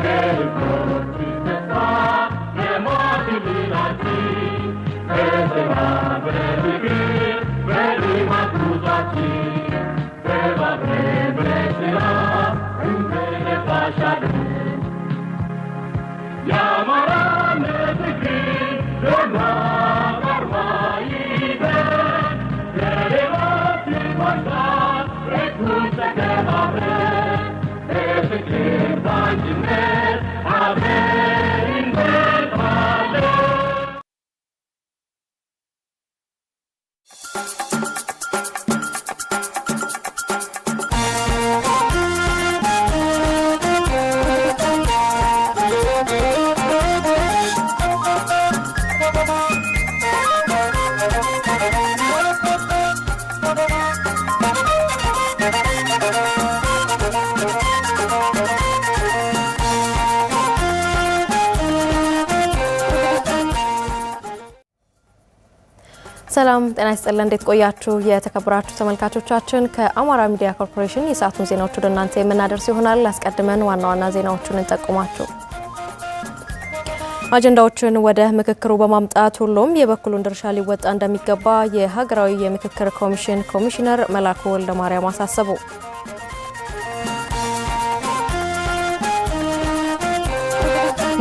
Thank you. Amen. There's a kid watching that. Amen. ሰላም ጤና ይስጥልን። እንዴት ቆያችሁ? የተከበራችሁ ተመልካቾቻችን ከአማራ ሚዲያ ኮርፖሬሽን የሰዓቱን ዜናዎች ወደ እናንተ የምናደርስ ይሆናል። አስቀድመን ዋና ዋና ዜናዎቹን እንጠቁማችሁ። አጀንዳዎችን ወደ ምክክሩ በማምጣት ሁሉም የበኩሉን ድርሻ ሊወጣ እንደሚገባ የሀገራዊ የምክክር ኮሚሽን ኮሚሽነር መላኩ ወልደማርያም አሳሰቡ።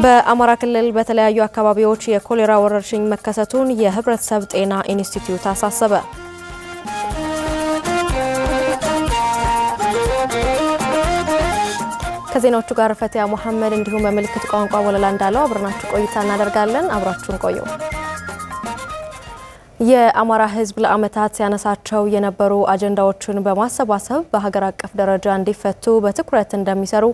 በአማራ ክልል በተለያዩ አካባቢዎች የኮሌራ ወረርሽኝ መከሰቱን የህብረተሰብ ጤና ኢንስቲትዩት አሳሰበ። ከዜናዎቹ ጋር ፈቲያ መሐመድ እንዲሁም በምልክት ቋንቋ ወለላ እንዳለው አብረናችሁ ቆይታ እናደርጋለን። አብራችሁን ቆዩ። የአማራ ህዝብ ለአመታት ሲያነሳቸው የነበሩ አጀንዳዎችን በማሰባሰብ በሀገር አቀፍ ደረጃ እንዲፈቱ በትኩረት እንደሚሰሩ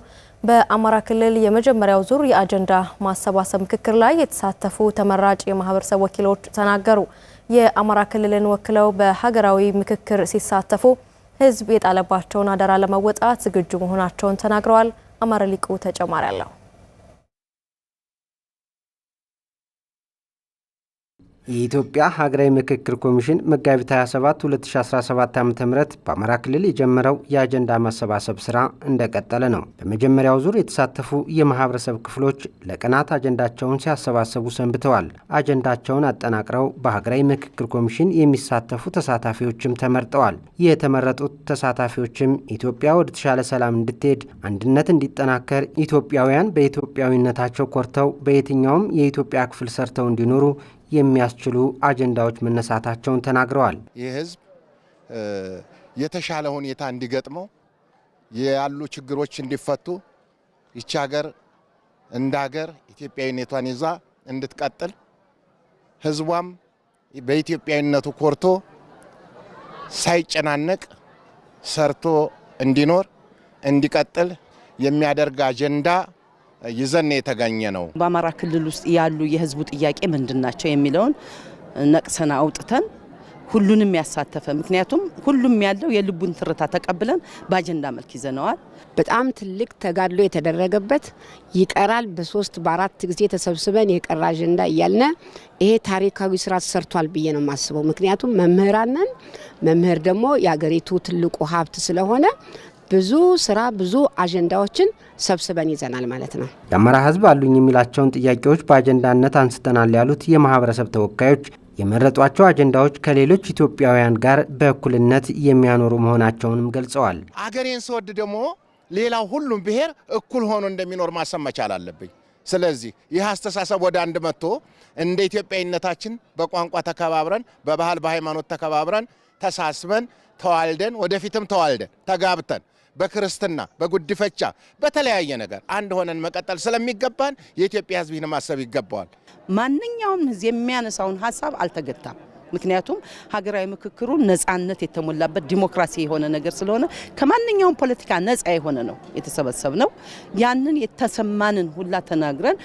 በአማራ ክልል የመጀመሪያው ዙር የአጀንዳ ማሰባሰብ ምክክር ላይ የተሳተፉ ተመራጭ የማህበረሰብ ወኪሎች ተናገሩ። የአማራ ክልልን ወክለው በሀገራዊ ምክክር ሲሳተፉ ህዝብ የጣለባቸውን አደራ ለመወጣት ዝግጁ መሆናቸውን ተናግረዋል። አማረ ሊቁ ተጨማሪ አለው። የኢትዮጵያ ሀገራዊ ምክክር ኮሚሽን መጋቢት 27 2017 ዓ ም በአማራ ክልል የጀመረው የአጀንዳ ማሰባሰብ ስራ እንደቀጠለ ነው። በመጀመሪያው ዙር የተሳተፉ የማህበረሰብ ክፍሎች ለቀናት አጀንዳቸውን ሲያሰባሰቡ ሰንብተዋል። አጀንዳቸውን አጠናቅረው በሀገራዊ ምክክር ኮሚሽን የሚሳተፉ ተሳታፊዎችም ተመርጠዋል። ይህ የተመረጡት ተሳታፊዎችም ኢትዮጵያ ወደ ተሻለ ሰላም እንድትሄድ፣ አንድነት እንዲጠናከር፣ ኢትዮጵያውያን በኢትዮጵያዊነታቸው ኮርተው በየትኛውም የኢትዮጵያ ክፍል ሰርተው እንዲኖሩ የሚያስችሉ አጀንዳዎች መነሳታቸውን ተናግረዋል። ይህ ህዝብ የተሻለ ሁኔታ እንዲገጥመው ያሉ ችግሮች እንዲፈቱ ይቺ ሀገር እንደ ሀገር ኢትዮጵያዊነቷን ይዛ እንድትቀጥል ህዝቧም በኢትዮጵያዊነቱ ኮርቶ ሳይጨናነቅ ሰርቶ እንዲኖር እንዲቀጥል የሚያደርግ አጀንዳ ይዘን የተገኘ ነው። በአማራ ክልል ውስጥ ያሉ የህዝቡ ጥያቄ ምንድን ናቸው የሚለውን ነቅሰን አውጥተን ሁሉንም ያሳተፈ ምክንያቱም ሁሉም ያለው የልቡን ትርታ ተቀብለን በአጀንዳ መልክ ይዘነዋል። በጣም ትልቅ ተጋድሎ የተደረገበት ይቀራል። በሶስት በአራት ጊዜ ተሰብስበን የቀረ አጀንዳ እያልነ ይሄ ታሪካዊ ስራ ተሰርቷል ብዬ ነው የማስበው። ምክንያቱም መምህራንን መምህር ደግሞ የሀገሪቱ ትልቁ ሀብት ስለሆነ ብዙ ስራ ብዙ አጀንዳዎችን ሰብስበን ይዘናል ማለት ነው። የአማራ ህዝብ አሉኝ የሚላቸውን ጥያቄዎች በአጀንዳነት አንስተናል ያሉት የማህበረሰብ ተወካዮች የመረጧቸው አጀንዳዎች ከሌሎች ኢትዮጵያውያን ጋር በእኩልነት የሚያኖሩ መሆናቸውንም ገልጸዋል። አገሬን ስወድ ደግሞ ሌላው ሁሉም ብሔር እኩል ሆኖ እንደሚኖር ማሰብ መቻል አለብኝ። ስለዚህ ይህ አስተሳሰብ ወደ አንድ መጥቶ እንደ ኢትዮጵያዊነታችን በቋንቋ ተከባብረን፣ በባህል በሃይማኖት ተከባብረን፣ ተሳስበን፣ ተዋልደን ወደፊትም ተዋልደን ተጋብተን በክርስትና፣ በጉድፈቻ፣ በተለያየ ነገር አንድ ሆነን መቀጠል ስለሚገባን የኢትዮጵያ ሕዝብ ይህን ማሰብ ይገባዋል። ማንኛውም ሕዝብ የሚያነሳውን ሀሳብ አልተገታም። ምክንያቱም ሀገራዊ ምክክሩ ነጻነት የተሞላበት ዲሞክራሲ የሆነ ነገር ስለሆነ ከማንኛውም ፖለቲካ ነጻ የሆነ ነው የተሰበሰብ ነው። ያንን የተሰማንን ሁላ ተናግረን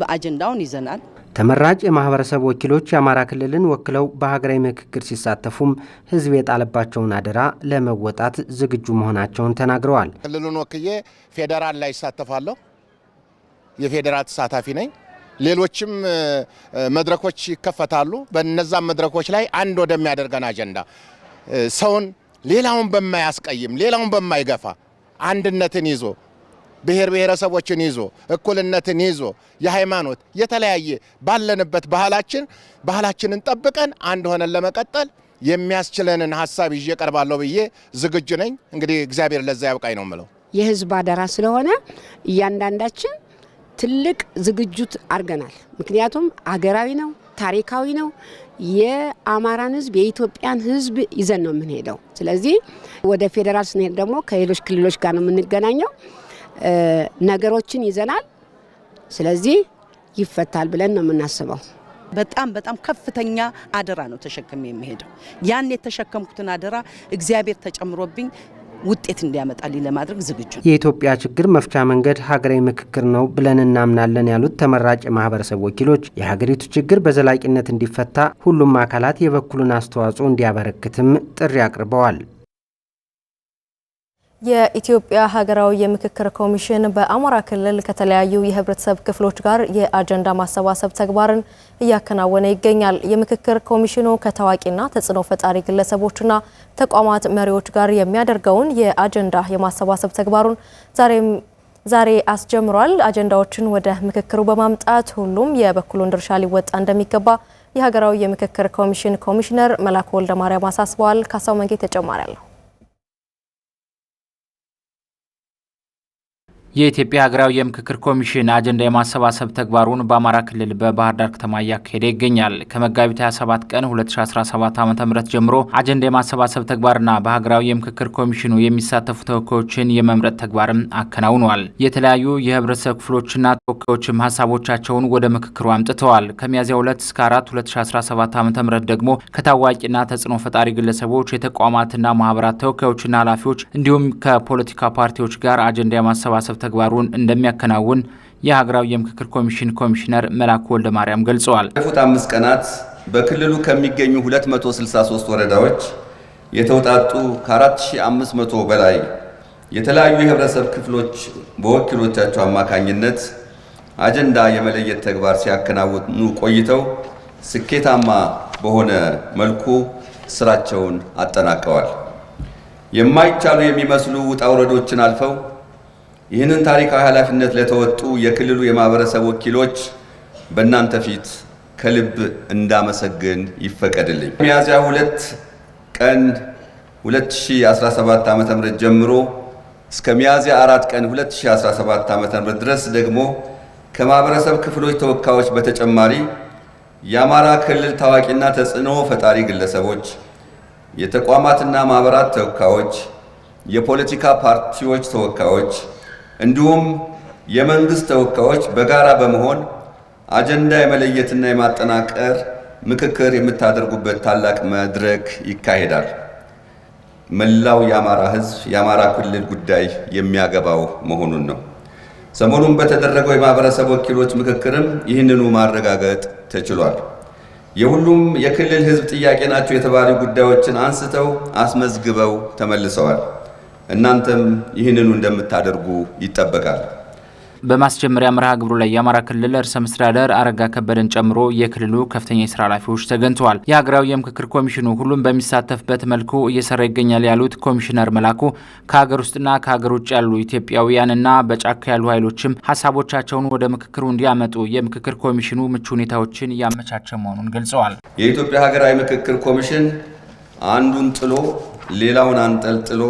በአጀንዳውን ይዘናል። ተመራጭ የማህበረሰብ ወኪሎች የአማራ ክልልን ወክለው በሀገራዊ ምክክር ሲሳተፉም ህዝብ የጣለባቸውን አደራ ለመወጣት ዝግጁ መሆናቸውን ተናግረዋል። ክልሉን ወክዬ ፌዴራል ላይ ይሳተፋለሁ። የፌዴራል ተሳታፊ ነኝ። ሌሎችም መድረኮች ይከፈታሉ። በነዛም መድረኮች ላይ አንድ ወደሚያደርገን አጀንዳ ሰውን ሌላውን በማያስቀይም ሌላውን በማይገፋ አንድነትን ይዞ ብሔር ብሔረሰቦችን ይዞ እኩልነትን ይዞ የሃይማኖት የተለያየ ባለንበት ባህላችን ባህላችንን ጠብቀን አንድ ሆነን ለመቀጠል የሚያስችለንን ሀሳብ ይዤ ቀርባለሁ ብዬ ዝግጁ ነኝ። እንግዲህ እግዚአብሔር ለዛ ያብቃኝ ነው ምለው። የህዝብ አደራ ስለሆነ እያንዳንዳችን ትልቅ ዝግጁት አድርገናል። ምክንያቱም አገራዊ ነው፣ ታሪካዊ ነው። የአማራን ህዝብ የኢትዮጵያን ህዝብ ይዘን ነው የምንሄደው። ስለዚህ ወደ ፌዴራል ስንሄድ ደግሞ ከሌሎች ክልሎች ጋር ነው የምንገናኘው። ነገሮችን ይዘናል። ስለዚህ ይፈታል ብለን ነው የምናስበው። በጣም በጣም ከፍተኛ አደራ ነው ተሸክሜ የሚሄደው። ያን የተሸከምኩትን አደራ እግዚአብሔር ተጨምሮብኝ ውጤት እንዲያመጣልኝ ለማድረግ ዝግጁ ነው። የኢትዮጵያ ችግር መፍቻ መንገድ ሀገራዊ ምክክር ነው ብለን እናምናለን ያሉት ተመራጭ የማህበረሰብ ወኪሎች የሀገሪቱ ችግር በዘላቂነት እንዲፈታ ሁሉም አካላት የበኩሉን አስተዋጽኦ እንዲያበረክትም ጥሪ አቅርበዋል። የኢትዮጵያ ሀገራዊ የምክክር ኮሚሽን በአማራ ክልል ከተለያዩ የህብረተሰብ ክፍሎች ጋር የአጀንዳ ማሰባሰብ ተግባርን እያከናወነ ይገኛል። የምክክር ኮሚሽኑ ከታዋቂና ተጽዕኖ ፈጣሪ ግለሰቦችና ተቋማት መሪዎች ጋር የሚያደርገውን የአጀንዳ የማሰባሰብ ተግባሩን ዛሬም ዛሬ አስጀምሯል። አጀንዳዎችን ወደ ምክክሩ በማምጣት ሁሉም የበኩሉን ድርሻ ሊወጣ እንደሚገባ የሀገራዊ የምክክር ኮሚሽን ኮሚሽነር መላኩ ወልደማርያም አሳስበዋል። ካሳው መንጌ ተጨማሪ አለሁ የኢትዮጵያ ሀገራዊ የምክክር ኮሚሽን አጀንዳ የማሰባሰብ ተግባሩን በአማራ ክልል በባህር ዳር ከተማ እያካሄደ ይገኛል። ከመጋቢት 27 ቀን 2017 ዓ ም ጀምሮ አጀንዳ የማሰባሰብ ተግባርና በሀገራዊ የምክክር ኮሚሽኑ የሚሳተፉ ተወካዮችን የመምረጥ ተግባርም አከናውኗል። የተለያዩ የህብረተሰብ ክፍሎችና ተወካዮችም ሀሳቦቻቸውን ወደ ምክክሩ አምጥተዋል። ከሚያዝያ 2 እስከ 4 2017 ዓ ም ደግሞ ከታዋቂና ተጽዕኖ ፈጣሪ ግለሰቦች የተቋማትና ማህበራት ተወካዮችና ኃላፊዎች እንዲሁም ከፖለቲካ ፓርቲዎች ጋር አጀንዳ የማሰባሰብ ተግባሩን እንደሚያከናውን የሀገራዊ የምክክር ኮሚሽን ኮሚሽነር መላኩ ወልደ ማርያም ገልጸዋል። ባለፉት አምስት ቀናት በክልሉ ከሚገኙ 263 ወረዳዎች የተውጣጡ ከ4500 በላይ የተለያዩ የህብረተሰብ ክፍሎች በወኪሎቻቸው አማካኝነት አጀንዳ የመለየት ተግባር ሲያከናውኑ ቆይተው ስኬታማ በሆነ መልኩ ስራቸውን አጠናቀዋል። የማይቻሉ የሚመስሉ ውጣ ውረዶችን አልፈው ይህንን ታሪካዊ ኃላፊነት ለተወጡ የክልሉ የማህበረሰብ ወኪሎች በእናንተ ፊት ከልብ እንዳመሰግን ይፈቀድልኝ። ሚያዝያ ሁለት ቀን 2017 ዓ.ም ጀምሮ እስከ ሚያዝያ አራት ቀን 2017 .ም ድረስ ደግሞ ከማህበረሰብ ክፍሎች ተወካዮች በተጨማሪ የአማራ ክልል ታዋቂና ተጽዕኖ ፈጣሪ ግለሰቦች፣ የተቋማትና ማህበራት ተወካዮች፣ የፖለቲካ ፓርቲዎች ተወካዮች እንዲሁም የመንግስት ተወካዮች በጋራ በመሆን አጀንዳ የመለየትና የማጠናቀር ምክክር የምታደርጉበት ታላቅ መድረክ ይካሄዳል። መላው የአማራ ህዝብ የአማራ ክልል ጉዳይ የሚያገባው መሆኑን ነው። ሰሞኑን በተደረገው የማህበረሰብ ወኪሎች ምክክርም ይህንኑ ማረጋገጥ ተችሏል። የሁሉም የክልል ህዝብ ጥያቄ ናቸው የተባሉ ጉዳዮችን አንስተው አስመዝግበው ተመልሰዋል። እናንተም ይህንኑ እንደምታደርጉ ይጠበቃል። በማስጀመሪያ መርሃ ግብሩ ላይ የአማራ ክልል ርዕሰ መስተዳደር አረጋ ከበደን ጨምሮ የክልሉ ከፍተኛ የስራ ኃላፊዎች ተገኝተዋል። የሀገራዊ የምክክር ኮሚሽኑ ሁሉም በሚሳተፍበት መልኩ እየሰራ ይገኛል ያሉት ኮሚሽነር መላኩ ከሀገር ውስጥና ከሀገር ውጭ ያሉ ኢትዮጵያውያንና በጫካ ያሉ ኃይሎችም ሀሳቦቻቸውን ወደ ምክክሩ እንዲያመጡ የምክክር ኮሚሽኑ ምቹ ሁኔታዎችን እያመቻቸ መሆኑን ገልጸዋል። የኢትዮጵያ ሀገራዊ ምክክር ኮሚሽን አንዱን ጥሎ ሌላውን አንጠልጥሎ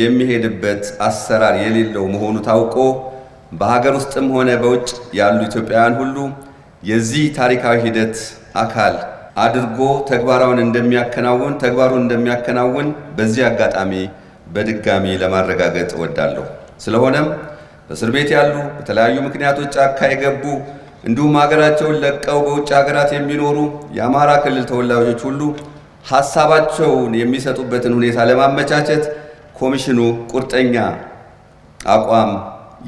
የሚሄድበት አሰራር የሌለው መሆኑ ታውቆ በሀገር ውስጥም ሆነ በውጭ ያሉ ኢትዮጵያውያን ሁሉ የዚህ ታሪካዊ ሂደት አካል አድርጎ ተግባራውን እንደሚያከናውን ተግባሩን እንደሚያከናውን በዚህ አጋጣሚ በድጋሚ ለማረጋገጥ እወዳለሁ። ስለሆነም በእስር ቤት ያሉ በተለያዩ ምክንያቶች ጫካ የገቡ እንዲሁም ሀገራቸውን ለቀው በውጭ ሀገራት የሚኖሩ የአማራ ክልል ተወላጆች ሁሉ ሀሳባቸውን የሚሰጡበትን ሁኔታ ለማመቻቸት ኮሚሽኑ ቁርጠኛ አቋም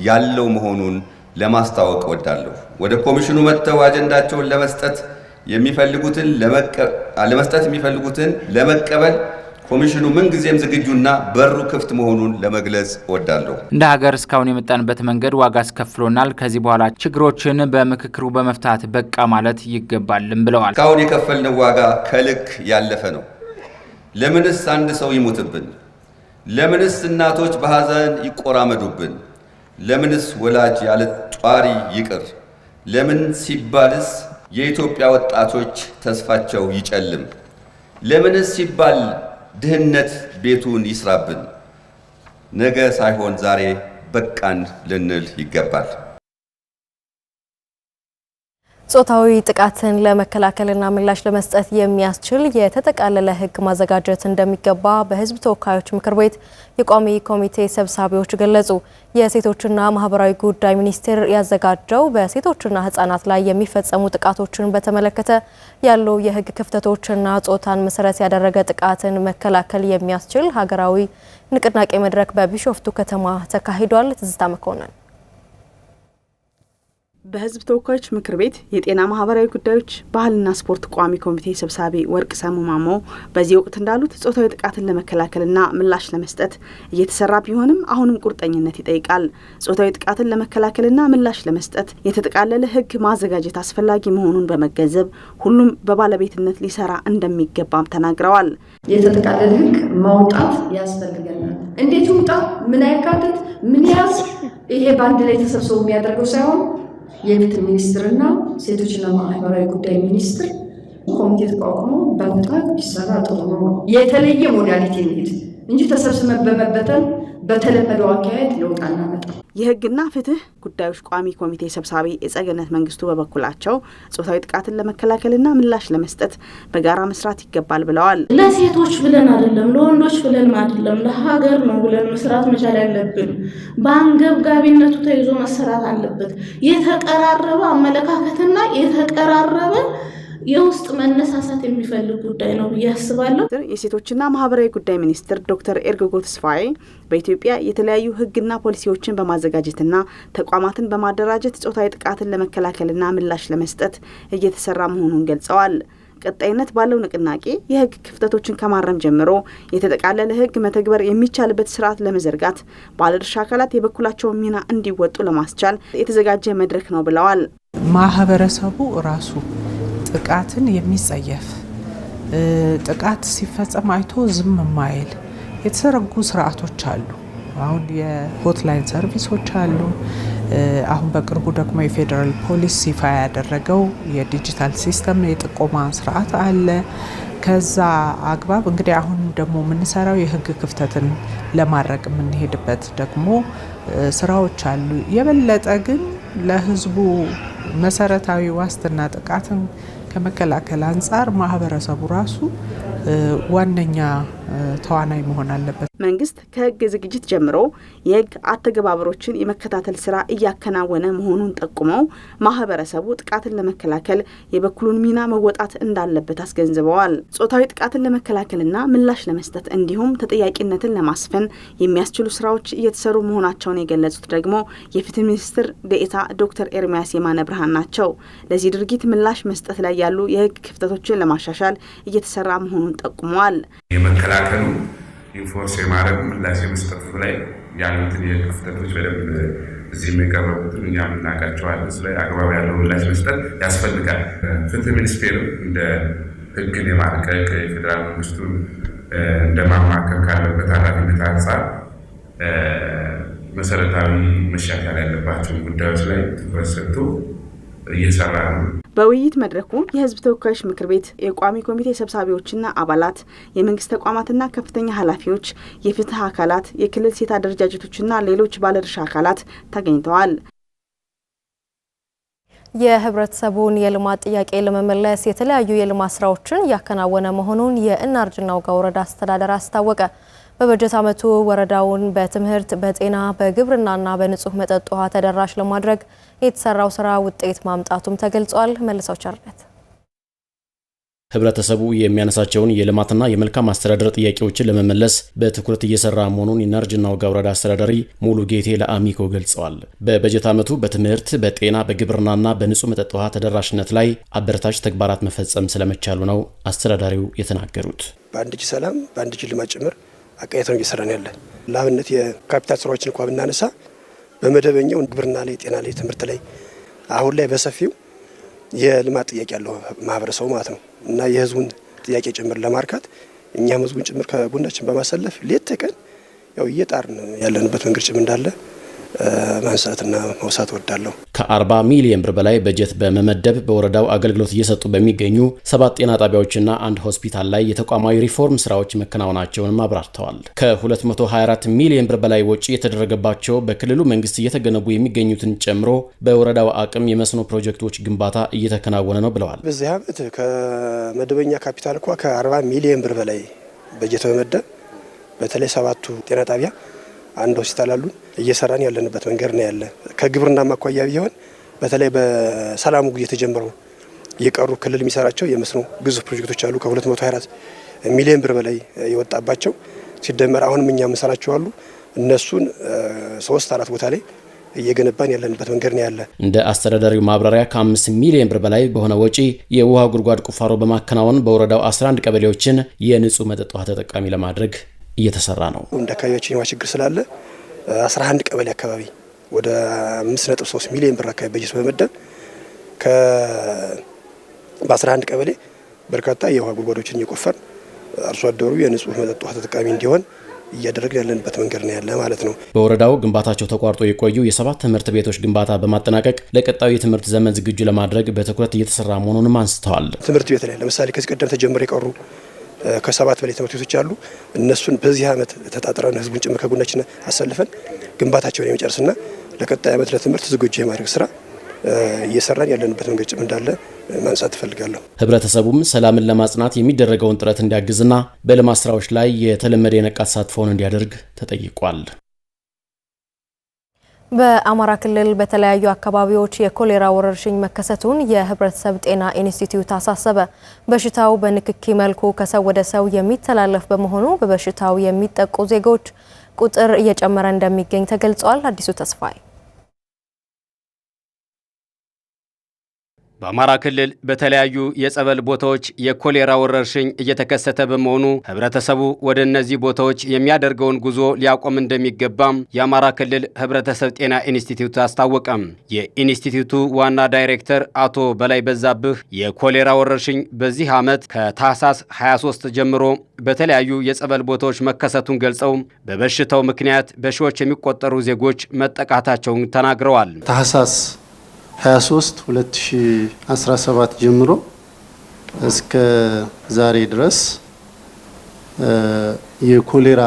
ያለው መሆኑን ለማስታወቅ እወዳለሁ። ወደ ኮሚሽኑ መጥተው አጀንዳቸውን ለመስጠት የሚፈልጉትን ለመስጠት የሚፈልጉትን ለመቀበል ኮሚሽኑ ምንጊዜም ዝግጁና በሩ ክፍት መሆኑን ለመግለጽ እወዳለሁ። እንደ ሀገር እስካሁን የመጣንበት መንገድ ዋጋ አስከፍሎናል። ከዚህ በኋላ ችግሮችን በምክክሩ በመፍታት በቃ ማለት ይገባልም ብለዋል። እስካሁን የከፈልነው ዋጋ ከልክ ያለፈ ነው። ለምንስ አንድ ሰው ይሙትብን? ለምንስ እናቶች በሐዘን ይቆራመዱብን? ለምንስ ወላጅ ያለ ጧሪ ይቅር? ለምን ሲባልስ የኢትዮጵያ ወጣቶች ተስፋቸው ይጨልም? ለምንስ ሲባል ድህነት ቤቱን ይስራብን? ነገ ሳይሆን ዛሬ በቃን ልንል ይገባል። ጾታዊ ጥቃትን ለመከላከልና ምላሽ ለመስጠት የሚያስችል የተጠቃለለ ሕግ ማዘጋጀት እንደሚገባ በሕዝብ ተወካዮች ምክር ቤት የቋሚ ኮሚቴ ሰብሳቢዎች ገለጹ። የሴቶችና ማህበራዊ ጉዳይ ሚኒስቴር ያዘጋጀው በሴቶችና ሕጻናት ላይ የሚፈጸሙ ጥቃቶችን በተመለከተ ያሉ የሕግ ክፍተቶችና ጾታን መሰረት ያደረገ ጥቃትን መከላከል የሚያስችል ሀገራዊ ንቅናቄ መድረክ በቢሾፍቱ ከተማ ተካሂዷል። ትዝታ መኮንን በህዝብ ተወካዮች ምክር ቤት የጤና ማህበራዊ ጉዳዮች ባህልና ስፖርት ቋሚ ኮሚቴ ሰብሳቢ ወርቅ ሰሙማሞ በዚህ ወቅት እንዳሉት ጾታዊ ጥቃትን ለመከላከልና ምላሽ ለመስጠት እየተሰራ ቢሆንም አሁንም ቁርጠኝነት ይጠይቃል። ጾታዊ ጥቃትን ለመከላከልና ምላሽ ለመስጠት የተጠቃለለ ህግ ማዘጋጀት አስፈላጊ መሆኑን በመገንዘብ ሁሉም በባለቤትነት ሊሰራ እንደሚገባም ተናግረዋል። የተጠቃለለ ህግ ማውጣት ያስፈልገናል። እንዴት ውጣ? ምን አይካተት? ምን ያዝ? ይሄ በአንድ ላይ ተሰብስቦ የሚያደርገው ሳይሆን የፍትህ ሚኒስትርና ሴቶችና ማህበራዊ ጉዳይ ሚኒስትር ኮሚቴ ተቋቁሞ በፍጥነት ይሰራ ጥሩ ነው። የተለየ ሞዳሊቲ እንሂድ እንጂ ተሰብስበን በመበተን በተለመደው አካሄድ ለውጥ አናመጣም። ፍትህ ጉዳዮች ቋሚ ኮሚቴ ሰብሳቢ የጸገነት መንግስቱ በበኩላቸው ጾታዊ ጥቃትን ለመከላከልና ምላሽ ለመስጠት በጋራ መስራት ይገባል ብለዋል። ለሴቶች ብለን አይደለም፣ ለወንዶች ብለን አይደለም፣ ለሀገር ነው ብለን መስራት መቻል ያለብን። በአንገብጋቢነቱ ተይዞ መሰራት አለበት። የተቀራረበ አመለካከትና የተቀራረበ የውስጥ መነሳሳት የሚፈልግ ጉዳይ ነው ብዬ አስባለሁ። የሴቶችና ማህበራዊ ጉዳይ ሚኒስትር ዶክተር ኤርጎጎ ተስፋዬ በኢትዮጵያ የተለያዩ ህግና ፖሊሲዎችን በማዘጋጀትና ተቋማትን በማደራጀት ጾታዊ ጥቃትን ለመከላከልና ምላሽ ለመስጠት እየተሰራ መሆኑን ገልጸዋል። ቀጣይነት ባለው ንቅናቄ የህግ ክፍተቶችን ከማረም ጀምሮ የተጠቃለለ ህግ መተግበር የሚቻልበት ስርዓት ለመዘርጋት ባለድርሻ አካላት የበኩላቸውን ሚና እንዲወጡ ለማስቻል የተዘጋጀ መድረክ ነው ብለዋል። ማህበረሰቡ ራሱ ጥቃትን የሚጸየፍ ጥቃት ሲፈጸም አይቶ ዝም ማይል የተዘረጉ ስርዓቶች አሉ። አሁን የሆትላይን ሰርቪሶች አሉ። አሁን በቅርቡ ደግሞ የፌዴራል ፖሊስ ይፋ ያደረገው የዲጂታል ሲስተም የጥቆማ ስርዓት አለ። ከዛ አግባብ እንግዲህ አሁን ደግሞ የምንሰራው የህግ ክፍተትን ለማድረግ የምንሄድበት ደግሞ ስራዎች አሉ። የበለጠ ግን ለህዝቡ መሰረታዊ ዋስትና ጥቃትን ከመከላከል አንጻር ማህበረሰቡ ራሱ ዋነኛ ተዋናይ መሆን አለበት። መንግስት ከህግ ዝግጅት ጀምሮ የህግ አተገባበሮችን የመከታተል ስራ እያከናወነ መሆኑን ጠቁመው ማህበረሰቡ ጥቃትን ለመከላከል የበኩሉን ሚና መወጣት እንዳለበት አስገንዝበዋል። ጾታዊ ጥቃትን ለመከላከልና ምላሽ ለመስጠት እንዲሁም ተጠያቂነትን ለማስፈን የሚያስችሉ ስራዎች እየተሰሩ መሆናቸውን የገለጹት ደግሞ የፍትህ ሚኒስትር ደኤታ ዶክተር ኤርሚያስ የማነ ብርሃን ናቸው። ለዚህ ድርጊት ምላሽ መስጠት ላይ ያሉ የህግ ክፍተቶችን ለማሻሻል እየተሰራ መሆኑን ጠቁመዋል። ኢንፎርስ የማድረግ ምላሽ የመስጠቱ ላይ ያሉትን የክፍተቶች በደንብ እዚህ የቀረቡትን እኛ የምናውቃቸዋል። እሱ ላይ አግባብ ያለው ምላሽ መስጠት ያስፈልጋል። ፍትህ ሚኒስቴር እንደ ህግን የማርቀቅ የፌዴራል መንግስቱን እንደማማከር ካለበት ኃላፊነት አንጻር መሰረታዊ መሻሻል ያለባቸውን ጉዳዮች ላይ ትኩረት ሰጥቶ እየሰራ ነው። በውይይት መድረኩ የህዝብ ተወካዮች ምክር ቤት የቋሚ ኮሚቴ ሰብሳቢዎችና አባላት፣ የመንግስት ተቋማትና ከፍተኛ ኃላፊዎች፣ የፍትህ አካላት፣ የክልል ሴት አደረጃጀቶችና ሌሎች ባለድርሻ አካላት ተገኝተዋል። የህብረተሰቡን የልማት ጥያቄ ለመመለስ የተለያዩ የልማት ስራዎችን እያከናወነ መሆኑን የእናርጅና ጋ ወረዳ አስተዳደር አስታወቀ። በበጀት ዓመቱ ወረዳውን በትምህርት፣ በጤና፣ በግብርናና በንጹህ መጠጥ ውሃ ተደራሽ ለማድረግ የተሰራው ስራ ውጤት ማምጣቱም ተገልጿል። መልሰው ቸርነት ህብረተሰቡ የሚያነሳቸውን የልማትና የመልካም አስተዳደር ጥያቄዎችን ለመመለስ በትኩረት እየሰራ መሆኑን የናርጅና ወጋ ወረዳ አስተዳዳሪ ሙሉ ጌቴ ለአሚኮ ገልጸዋል። በበጀት ዓመቱ በትምህርት በጤና በግብርናና በንጹህ መጠጥ ውሃ ተደራሽነት ላይ አበረታች ተግባራት መፈጸም ስለመቻሉ ነው አስተዳዳሪው የተናገሩት። በአንድ እጅ ሰላም በአንድ እጅ ልማት ጭምር ነው እየሰራን ያለ ለአብነት የካፒታል ስራዎችን እንኳ ብናነሳ በመደበኛው ግብርና ላይ፣ ጤና ላይ፣ ትምህርት ላይ አሁን ላይ በሰፊው የልማት ጥያቄ ያለው ማህበረሰቡ ማለት ነው እና የህዝቡን ጥያቄ ጭምር ለማርካት እኛም ህዝቡን ጭምር ከጎናችን በማሰለፍ ሌት ተቀን ያው እየጣርን ያለንበት መንገድ ጭምር እንዳለ ማንሳትና መውሳት ወዳለሁ። ከ40 ሚሊዮን ብር በላይ በጀት በመመደብ በወረዳው አገልግሎት እየሰጡ በሚገኙ ሰባት ጤና ጣቢያዎችና አንድ ሆስፒታል ላይ የተቋማዊ ሪፎርም ስራዎች መከናወናቸውንም አብራርተዋል። ከ224 ሚሊዮን ብር በላይ ወጪ የተደረገባቸው በክልሉ መንግስት እየተገነቡ የሚገኙትን ጨምሮ በወረዳው አቅም የመስኖ ፕሮጀክቶች ግንባታ እየተከናወነ ነው ብለዋል። በዚህ ዓመት ከመደበኛ ካፒታል እንኳ ከ40 ሚሊዮን ብር በላይ በጀት በመመደብ በተለይ ሰባቱ ጤና ጣቢያ አንድ ሆስፒታል አሉን እየሰራን ያለንበት መንገድ ነው ያለ። ከግብርና ማኳያ ቢሆን በተለይ በሰላሙ ጊዜ የተጀመረው የቀሩ ክልል የሚሰራቸው የመስኖ ግዙፍ ፕሮጀክቶች አሉ ከ224 ሚሊዮን ብር በላይ የወጣባቸው ሲደመር አሁንም እኛ ምንሰራቸው አሉ። እነሱን ሶስት አራት ቦታ ላይ እየገነባን ያለንበት መንገድ ነው ያለ። እንደ አስተዳዳሪው ማብራሪያ ከአምስት ሚሊዮን ብር በላይ በሆነ ወጪ የውሃ ጉድጓድ ቁፋሮ በማከናወን በወረዳው 11 ቀበሌዎችን የንጹህ መጠጥ ውሃ ተጠቃሚ ለማድረግ እየተሰራ ነው። እንደ አካባቢያችን የዋ ችግር ስላለ 11 ቀበሌ አካባቢ ወደ 5.3 ሚሊዮን ብር አካባቢ በጀት በመደብ በ11 ቀበሌ በርካታ የውሃ ጉድጓዶችን እየቆፈር አርሶ አደሩ የንጹህ መጠጥ ውሃ ተጠቃሚ እንዲሆን እያደረግ ያለንበት መንገድ ነው ያለ ማለት ነው። በወረዳው ግንባታቸው ተቋርጦ የቆዩ የሰባት ትምህርት ቤቶች ግንባታ በማጠናቀቅ ለቀጣዩ የትምህርት ዘመን ዝግጁ ለማድረግ በትኩረት እየተሰራ መሆኑንም አንስተዋል። ትምህርት ቤት ላይ ለምሳሌ ከዚህ ቀደም ተጀምሮ የቀሩ ከሰባት በላይ ትምህርት ቤቶች አሉ። እነሱን በዚህ አመት ተጣጥረን ህዝቡን ጭምር ከጎናችን አሰልፈን ግንባታቸውን የሚጨርስና ለቀጣይ ዓመት ለትምህርት ዝግጁ የማድረግ ስራ እየሰራን ያለንበት መንገድ ጭምር እንዳለ ማንሳት እፈልጋለሁ። ህብረተሰቡም ሰላምን ለማጽናት የሚደረገውን ጥረት እንዲያግዝና በልማት ስራዎች ላይ የተለመደ የነቃ ተሳትፎውን እንዲያደርግ ተጠይቋል። በአማራ ክልል በተለያዩ አካባቢዎች የኮሌራ ወረርሽኝ መከሰቱን የህብረተሰብ ጤና ኢንስቲትዩት አሳሰበ። በሽታው በንክኪ መልኩ ከሰው ወደ ሰው የሚተላለፍ በመሆኑ በበሽታው የሚጠቁ ዜጎች ቁጥር እየጨመረ እንደሚገኝ ተገልጿል። አዲሱ ተስፋዬ በአማራ ክልል በተለያዩ የጸበል ቦታዎች የኮሌራ ወረርሽኝ እየተከሰተ በመሆኑ ህብረተሰቡ ወደ እነዚህ ቦታዎች የሚያደርገውን ጉዞ ሊያቆም እንደሚገባም የአማራ ክልል ህብረተሰብ ጤና ኢንስቲትዩት አስታወቀም። የኢንስቲትዩቱ ዋና ዳይሬክተር አቶ በላይ በዛብህ የኮሌራ ወረርሽኝ በዚህ ዓመት ከታህሳስ 23 ጀምሮ በተለያዩ የጸበል ቦታዎች መከሰቱን ገልጸው በበሽታው ምክንያት በሺዎች የሚቆጠሩ ዜጎች መጠቃታቸውን ተናግረዋል። ታህሳስ 23 2017 ጀምሮ እስከ ዛሬ ድረስ የኮሌራ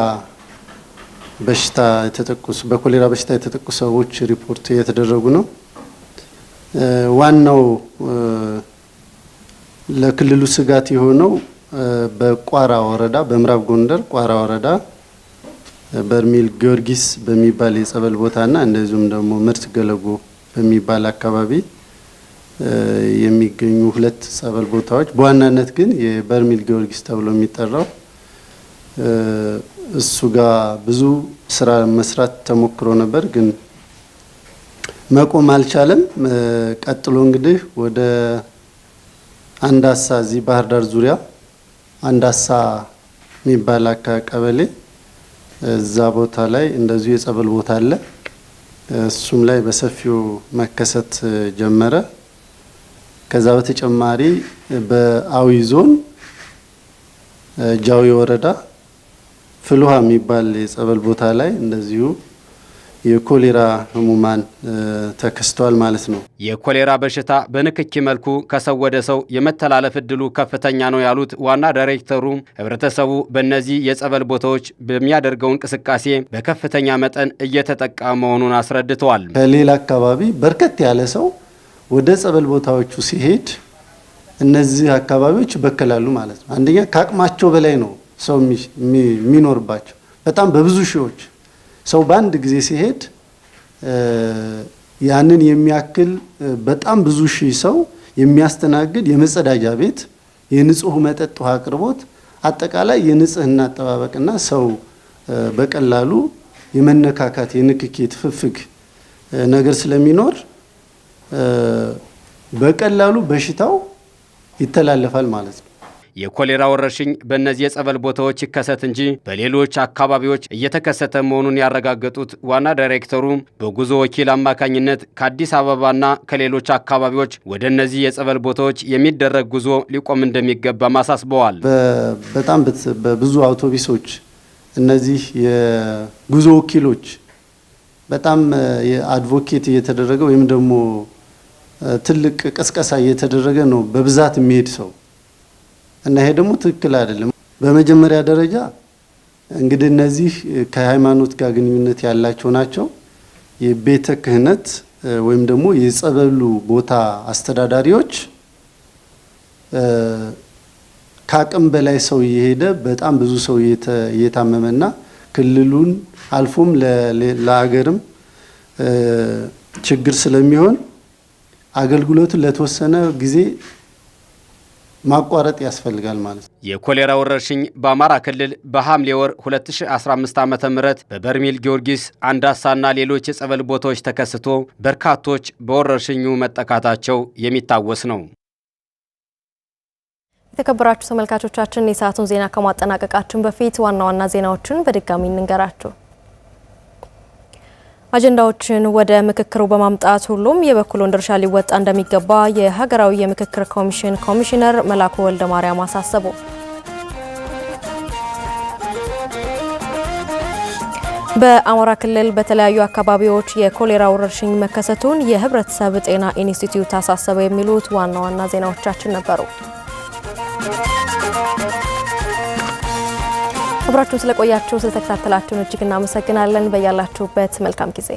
በሽታ የተጠቁስ በኮሌራ በሽታ የተጠቁ ሰዎች ሪፖርት እየተደረጉ ነው። ዋናው ለክልሉ ስጋት የሆነው በቋራ ወረዳ በምዕራብ ጎንደር ቋራ ወረዳ በርሜል ጊዮርጊስ በሚባል የጸበል ቦታና እንደዚሁም ደግሞ ምርት ገለጎ በሚባል አካባቢ የሚገኙ ሁለት ጸበል ቦታዎች በዋናነት ግን የበርሜል ጊዮርጊስ ተብሎ የሚጠራው እሱ ጋር ብዙ ስራ መስራት ተሞክሮ ነበር፣ ግን መቆም አልቻለም። ቀጥሎ እንግዲህ ወደ አንዳሳ እዚህ ባህር ዳር ዙሪያ አንዳሳ የሚባል አካ ቀበሌ እዛ ቦታ ላይ እንደዚሁ የጸበል ቦታ አለ። እሱም ላይ በሰፊው መከሰት ጀመረ። ከዛ በተጨማሪ በአዊ ዞን ጃዊ ወረዳ ፍልውሃ የሚባል የጸበል ቦታ ላይ እንደዚሁ የኮሌራ ህሙማን ተከስተዋል ማለት ነው። የኮሌራ በሽታ በንክኪ መልኩ ከሰው ወደ ሰው የመተላለፍ እድሉ ከፍተኛ ነው ያሉት ዋና ዳይሬክተሩ ህብረተሰቡ በእነዚህ የጸበል ቦታዎች በሚያደርገው እንቅስቃሴ በከፍተኛ መጠን እየተጠቃ መሆኑን አስረድተዋል። ከሌላ አካባቢ በርከት ያለ ሰው ወደ ጸበል ቦታዎቹ ሲሄድ እነዚህ አካባቢዎች ይበከላሉ ማለት ነው። አንደኛ ከአቅማቸው በላይ ነው ሰው የሚኖርባቸው በጣም በብዙ ሺዎች ሰው በአንድ ጊዜ ሲሄድ ያንን የሚያክል በጣም ብዙ ሺህ ሰው የሚያስተናግድ የመጸዳጃ ቤት፣ የንጹህ መጠጥ ውሃ አቅርቦት፣ አጠቃላይ የንጽህና አጠባበቅና ሰው በቀላሉ የመነካካት የንክኬት ትፍፍግ ነገር ስለሚኖር በቀላሉ በሽታው ይተላለፋል ማለት ነው። የኮሌራ ወረርሽኝ በእነዚህ የጸበል ቦታዎች ይከሰት እንጂ በሌሎች አካባቢዎች እየተከሰተ መሆኑን ያረጋገጡት ዋና ዳይሬክተሩ በጉዞ ወኪል አማካኝነት ከአዲስ አበባና ከሌሎች አካባቢዎች ወደ እነዚህ የጸበል ቦታዎች የሚደረግ ጉዞ ሊቆም እንደሚገባ ማሳስበዋል። በጣም በብዙ አውቶቡሶች እነዚህ የጉዞ ወኪሎች በጣም የአድቮኬት እየተደረገ ወይም ደግሞ ትልቅ ቀስቀሳ እየተደረገ ነው በብዛት የሚሄድ ሰው እና ይሄ ደግሞ ትክክል አይደለም። በመጀመሪያ ደረጃ እንግዲህ እነዚህ ከሃይማኖት ጋር ግንኙነት ያላቸው ናቸው። የቤተ ክህነት ወይም ደግሞ የጸበሉ ቦታ አስተዳዳሪዎች ከአቅም በላይ ሰው እየሄደ በጣም ብዙ ሰው እየታመመና ክልሉን አልፎም ለሀገርም ችግር ስለሚሆን አገልግሎቱ ለተወሰነ ጊዜ ማቋረጥ ያስፈልጋል ማለት ነው። የኮሌራ ወረርሽኝ በአማራ ክልል በሐምሌ ወር 2015 ዓ ም በበርሜል ጊዮርጊስ፣ አንዳሳና ሌሎች የጸበል ቦታዎች ተከስቶ በርካቶች በወረርሽኙ መጠቃታቸው የሚታወስ ነው። የተከበራችሁ ተመልካቾቻችን የሰዓቱን ዜና ከማጠናቀቃችን በፊት ዋና ዋና ዜናዎችን በድጋሚ እንንገራችሁ። አጀንዳዎችን ወደ ምክክሩ በማምጣት ሁሉም የበኩሉን ድርሻ ሊወጣ እንደሚገባ የሀገራዊ የምክክር ኮሚሽን ኮሚሽነር መላኩ ወልደ ማርያም አሳሰቡ። በአማራ ክልል በተለያዩ አካባቢዎች የኮሌራ ወረርሽኝ መከሰቱን የህብረተሰብ ጤና ኢንስቲትዩት አሳሰበ። የሚሉት ዋና ዋና ዜናዎቻችን ነበሩ። አብራችሁን ስለቆያችሁ ስለተከታተላችሁን እጅግ እናመሰግናለን። በያላችሁበት መልካም ጊዜ